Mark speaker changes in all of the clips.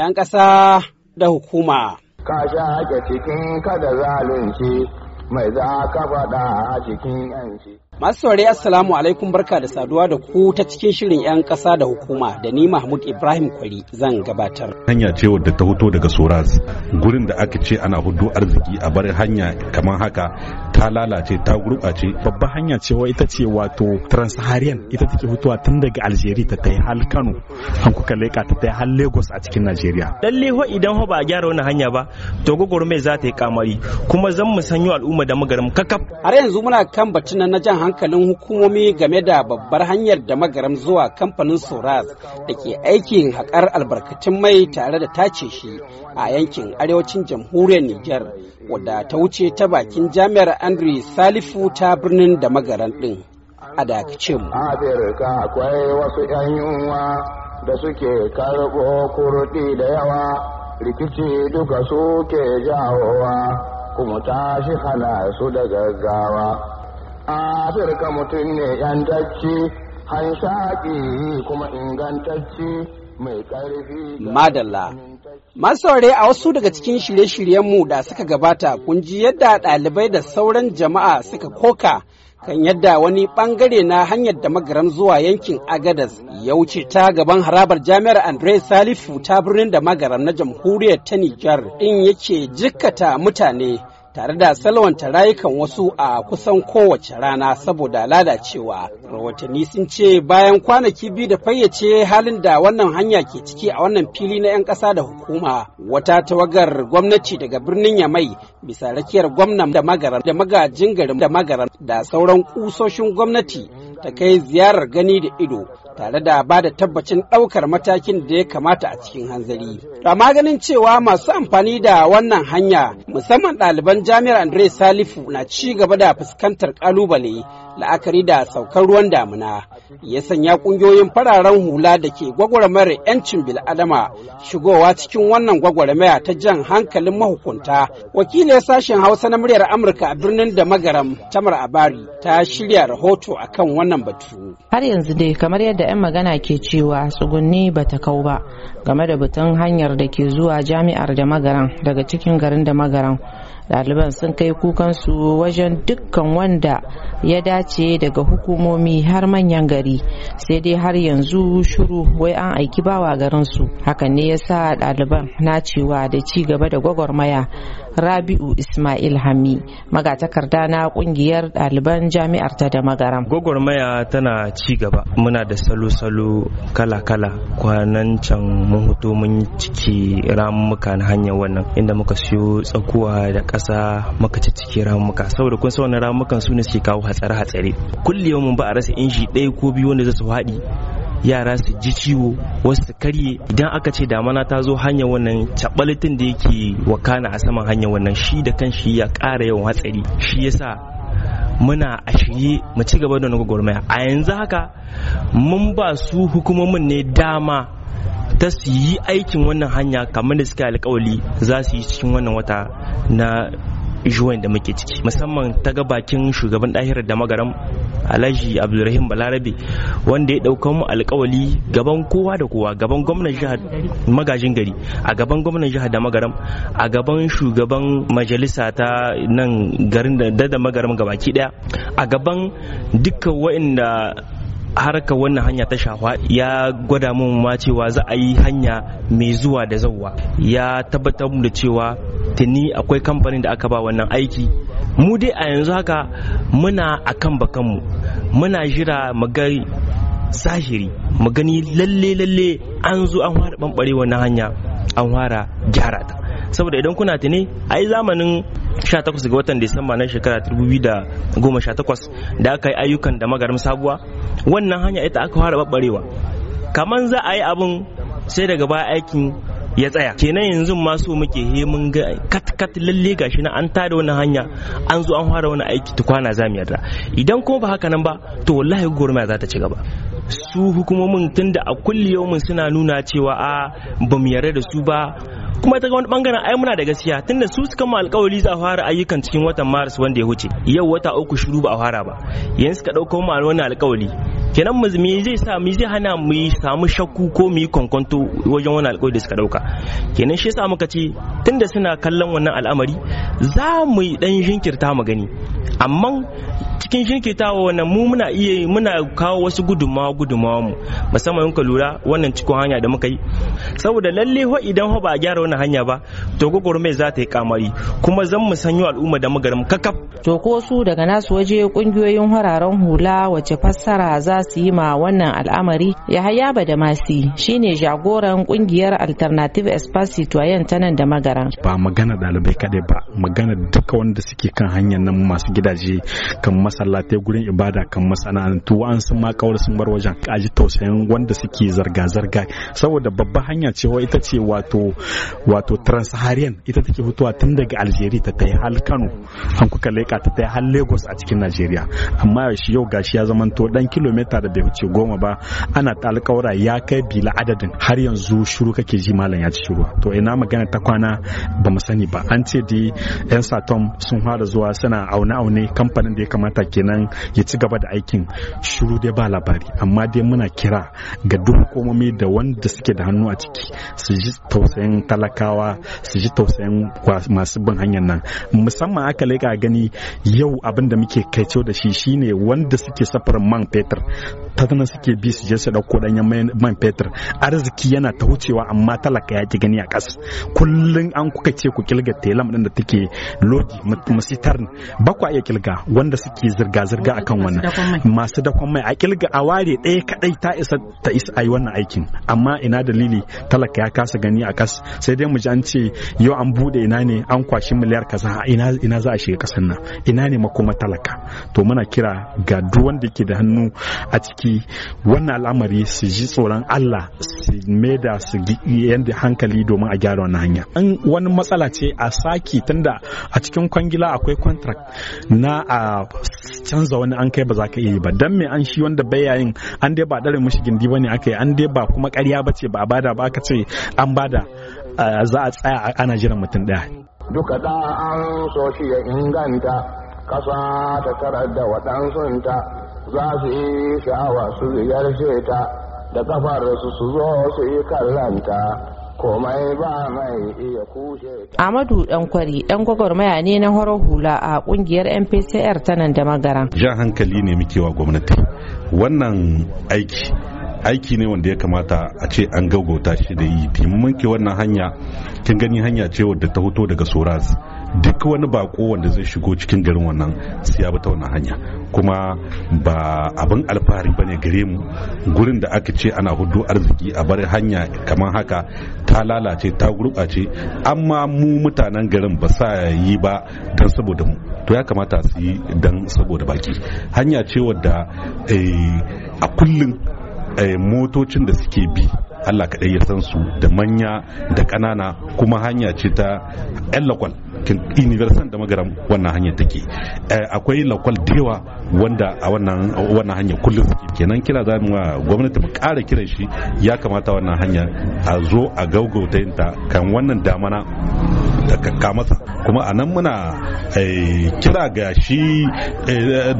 Speaker 1: 'yan ƙasa da hukuma.
Speaker 2: Ka sha cikin kada zalunci mai za ka faɗa a cikin 'yanci.
Speaker 1: Masu saurari Assalamu alaikum barka da saduwa da ku ta cikin shirin 'yan ƙasa da hukuma da ni Mahmud Ibrahim Kwari zan gabatar.
Speaker 3: Hanya ce wadda ta hoto daga Soras gurin da aka ce ana hudu arziki a bari hanya kamar
Speaker 4: haka ta lalace ta gurɓace. Babba hanya ce wa ita ce wato Transaharian ita take hutuwa tun daga Algeria ta tai hal Kano an kuka leka ta tai hal Lagos a cikin Najeriya.
Speaker 2: Lalle ho idan ho ba a gyara wannan hanya ba to gogoro mai za ta yi kamari kuma zan mu sanyo al'umma da magaram kakaf.
Speaker 1: Har yanzu muna kan batun na jan hankalin hukumomi game da babbar hanyar da magaram zuwa kamfanin soras da ke aikin haƙar albarkatun mai tare da tace shi a yankin arewacin jamhuriyar niger wadda ta wuce ta bakin jami'ar andrew salifu ta birnin da magaran din a dakace mu akwai wasu 'yan yunwa da suke karɓo kurɗi da
Speaker 2: yawa rikici duka suke jawowa kuma tashi
Speaker 1: hana su da gaggawa
Speaker 2: afirka mutum ne
Speaker 1: kuma ingantacci mai ƙarfi madalla a wasu daga cikin shirye-shiryenmu da suka gabata kun ji yadda ɗalibai da sauran jama'a suka koka kan yadda wani bangare na hanyar da magaram zuwa yankin agadas ya wuce ta gaban harabar jami'ar andre salifu ta birnin da magaram na jamhuriyar ta nijar ɗin yake jikkata mutane tare da salwanta rayukan wasu a kusan kowace rana saboda lalacewa. Rahotanni sun ce bayan kwanaki biyu da fayyace halin da wannan hanya ke ciki a wannan fili na 'yan ƙasa da hukuma. Wata tawagar gwamnati daga birnin Yamai bisa rakiyar gwamnan da magaran da magajin garin da magaran da sauran ƙusoshin gwamnati ta kai ziyarar gani da ido tare da ba da tabbacin ɗaukar matakin da ya kamata a cikin hanzari. Amma ganin cewa masu amfani da wannan hanya musamman ɗaliban jami'ar Andre Salifu na ci gaba da fuskantar ƙalubale la'akari da saukar ruwan damuna ya sanya ƙungiyoyin fararen hula da ke gwagwarmayar 'yancin bil'adama shigowa cikin wannan gwagwarmaya ta jan hankalin mahukunta. Wakilin sashen Hausa na muryar Amurka a birnin da magaram Tamar Abari ta shirya rahoto akan wannan wannan batu.
Speaker 5: Har yanzu dai kamar yadda 'yan magana ke cewa tsugunni ba ta kau ba game da batun hanyar da ke zuwa jami'ar da magaran daga cikin garin da magaran. Ɗaliban sun kai kukansu wajen dukkan wanda ya dace daga hukumomi har manyan gari sai dai har yanzu shuru wai an aiki bawa garinsu. Hakan ne ya sa ɗaliban na cewa da ci gaba da gwagwarmaya rabi'u ismail hami magatakarda na kungiyar ɗaliban jami'ar ta da magaram
Speaker 2: gwagwarmaya tana ci gaba muna da salo-salo kala-kala kwanan can mun hoto mun ciki ramuka na hanyar wannan inda muka siyo tsakuwa da ƙasa muka ci ciki ramuka saboda kun sa wannan ramukan su ne suke kawo hatsare-hatsare kullum mun ba a rasa inji ɗaya ko biyu wanda za su haɗi yara su ji ciwo wasu karye idan aka ce damana ta zo hanyar wannan cabalitin da yake wakana a saman hanyar wannan shi da kan shi ya ƙara yawan hatsari shi yasa muna a shirye mu ci gaba da wani gwagwarmaya a yanzu haka mun ba su hukumomin ne dama ta su yi aikin wannan hanya kamar da suka alkawali za su yi cikin wannan wata na juwan da muke ciki musamman ta ga bakin shugaban dahirar da magaram alhaji abdulrahim balarabe wanda ya dauka mu alkawali gaban kowa da kowa gaban gwamnan jihar magajin gari a gaban gwamnan jihar da magaram a gaban shugaban majalisa ta nan garin da da magaram gabaki daya a gaban dukkan waɗanda harka wannan hanya ta shafa ya gwada mun ma cewa za a yi hanya mai zuwa da zauwa ya tabbatar mu da cewa tuni akwai kamfanin da aka ba wannan aiki mu dai a yanzu haka muna akan bakanmu muna jira magari zahiri mu gani lalle lalle an zo an fara banbare wannan hanya an fara gyara ta saboda idan kuna tuni a yi zamanin 18 ga watan Disamba na shekara 2018 da aka yi ayyukan da magarin sabuwa wannan hanya ita aka fara babbarewa kaman za a yi abin sai daga ba aikin ya tsaya kenan yanzu masu muke he mun ga kat kat lalle gashi na an tada wani hanya an zo an fara wani aiki tukwana zamiyar yarda idan kuma ba haka nan ba to wallahi gurma za ta ci gaba su hukumomin tunda a kulli yaumin suna nuna cewa a bamu yarda da su ba kuma ta ga wani bangaren ai muna da gaskiya tunda su suka mu alkawari za a fara ayyukan cikin watan maris wanda ya wuce yau wata uku shiru ba a fara ba yanzu suka dauko mu wani alkawari kenan mu me zai sa mu zai hana mu samu shakku ko mu yi kwankwanto wajen wani alƙawari da suka dauka kenan shi yasa muka ce tunda suna kallon wannan al'amari za mu yi dan jinkirta mu gani amma cikin jinkirta wannan mu muna iya muna kawo wasu gudummawa gudunmawa mu musamman ka lura wannan cikin hanya da muka yi saboda lalle ho idan ho ba a gyara wannan hanya ba to gwagwarmai za ta yi kamari kuma zan mu sanyo al'umma da magarin kakaf
Speaker 5: to ko su daga nasu waje kungiyoyin hararen hula wace fassara za su yi ma wannan al'amari da masi shine jagoran kungiyar alternative espacito ta nan da magaran
Speaker 4: ba magana dalibai kadai ba magana duka wanda suke kan hanyar nan masu gidaje kan masallatai gurin ibada kan masana'antu an sun ma kawar sun bar wajen a ji tausayin wanda suke zarga-zarga saboda babba hanya ce ita ce wato wato transaharian ita take fitowa tun daga algeria ta tai hal kano an kuka leka ta tai hal lagos a cikin najeriya amma shi yau gashi ya zamanto dan kilomita ta da bai wuce goma ba ana ta alƙawura ya kai bila adadin har yanzu shiru kake ji malam ya ci shiru to ina magana ta kwana ba mu sani ba an ce dai yan satom sun fara zuwa suna aune aune kamfanin da ya kamata kenan ya ci gaba da aikin shiru dai ba labari amma dai muna kira ga duk hukumomi da wanda suke da hannu a ciki su ji tausayin talakawa su ji tausayin masu bin hanyar nan musamman aka leka gani yau abin da muke kai da shi shine wanda suke safarin man fetur ta suke bi su je su ɗauko ɗanyen man fetur arziki yana ta wucewa amma talaka ya ki gani a ƙasa kullum an kuka ce ku kilga telam ɗin da take lodi musitar ba ku iya kilga wanda suke zirga-zirga akan wannan masu dakon mai a kilga a ware ɗaya kaɗai ta isa ta isa a yi wannan aikin amma ina dalili talaka ya kasa gani a ƙas sai dai mu ji an ce yau an buɗe ina ne an kwashi miliyar kaza ina ina za a shiga ƙasar nan ina ne makoma talaka to muna kira ga duk wanda yake da hannu a ciki wannan al'amari su ji tsoron Allah su da su yadda hankali domin a gyara wannan hanya an wani matsala ce a saki tunda a cikin kwangila akwai contract na a canza wani an kai ba za ka iya ba dan me an shi wanda bayayin an dai ba dare mushi gindi bane aka yi an dai ba kuma ƙarya bace ba a bada ba aka ce an bada za a tsaya ana jiran mutum daya
Speaker 2: duka da an so shi ya inganta kasa ta tarar da waɗansunta za su yi sha'awa su ziyarce ta da kafarsu su zo su yi kallanta komai ba mai iya kushe
Speaker 5: Amadu Dankwari dan gwagwarmaya ne na horo hula a kungiyar MPCR ta nan da magara
Speaker 3: Jan hankali ne muke wa gwamnati. Wannan aiki aiki ne wanda ya kamata a ce an gaugauta shi da yi mun ke wannan hanya kin gani hanya ce wadda ta hoto daga sauransu. duk wani bako wanda zai shigo cikin garin wannan siya ya bi ta wannan hanya kuma ba abin alfahari bane gare mu gurin da aka ce ana hudu arziki a bar hanya kamar haka ta lalace ta gurbace amma mu mutanen garin ba sa yi ba don saboda mu to ya kamata su yi don saboda baki hanya ce wadda eh, a kullum eh, motocin da suke bi Allah kaɗai ya san su da manya da ƙanana kuma hanya ce ta 'yan lakwal universal da magaram wannan hanyar take eh, akwai lakwal dewa wanda a wannan wannan hanyar kullum suke kenan kira za mu gwamnati mu ƙara kiran shi ya kamata wannan hanyar a zo a gaugauta ta kan wannan damana ta kakka masa kuma anan nan muna eh, kira ga shi eh,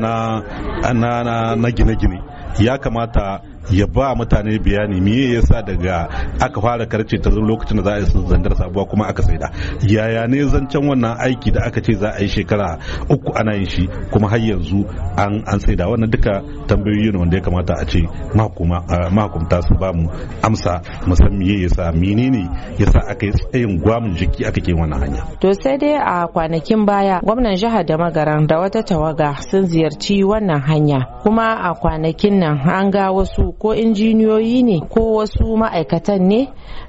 Speaker 3: na na gine-gine ya kamata ya ba mutane bayani me yasa daga aka fara karce ta lokacin da za a yi zandar sabuwa kuma aka saida yaya ne zancen wannan aiki da aka ce za a yi shekara uku ana yin shi kuma har yanzu an an saida wannan duka tambayoyi ne wanda ya kamata a ce mahukumta su ba mu amsa musamman me yasa menene yasa aka yi tsayin gwamin jiki aka ke wannan hanya
Speaker 5: to sai dai a kwanakin baya gwamnan jihar da magaran da wata tawaga sun ziyarci wannan hanya kuma a kwanakin nan an ga wasu ko injiniyoyi ne ko wasu ma'aikatan ne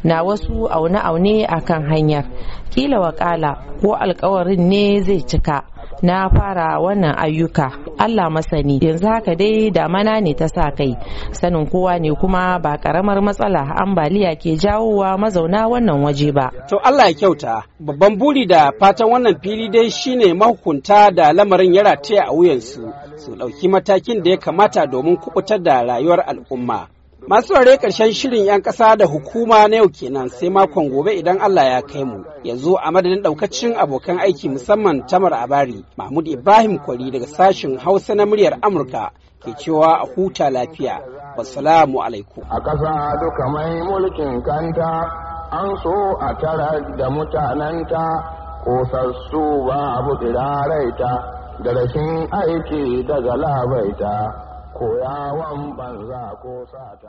Speaker 5: na wasu aune-aune a kan hanyar kila wakala ko alkawarin ne zai cika na fara wannan ayyuka Allah masani yanzu haka dai damana ne ta sa kai sanin kowa ne kuma ba karamar matsala ambaliya ke jawowa mazauna wannan waje ba
Speaker 1: to Allah ya kyauta babban buri da fatan wannan fili dai shine mahukunta da lamarin ya rataya a wuyansu su ɗauki matakin da ya kamata domin kubutar da rayuwar al'umma Masu ware karshen shirin 'yan ƙasa da hukuma na yau kenan sai makon gobe idan Allah ya kai mu. Yanzu a madadin ɗaukacin abokan aiki musamman Tamar Abari, Mahmud Ibrahim Kwari daga sashen Hausa na muryar Amurka ke cewa a huta lafiya. Wassalamu alaikum.
Speaker 2: A ƙasa duka mai mulkin kanta an so a tara da mutanenta sassu ba abu tsiraraita da rashin aiki daga labaita koyawan banza ko sata.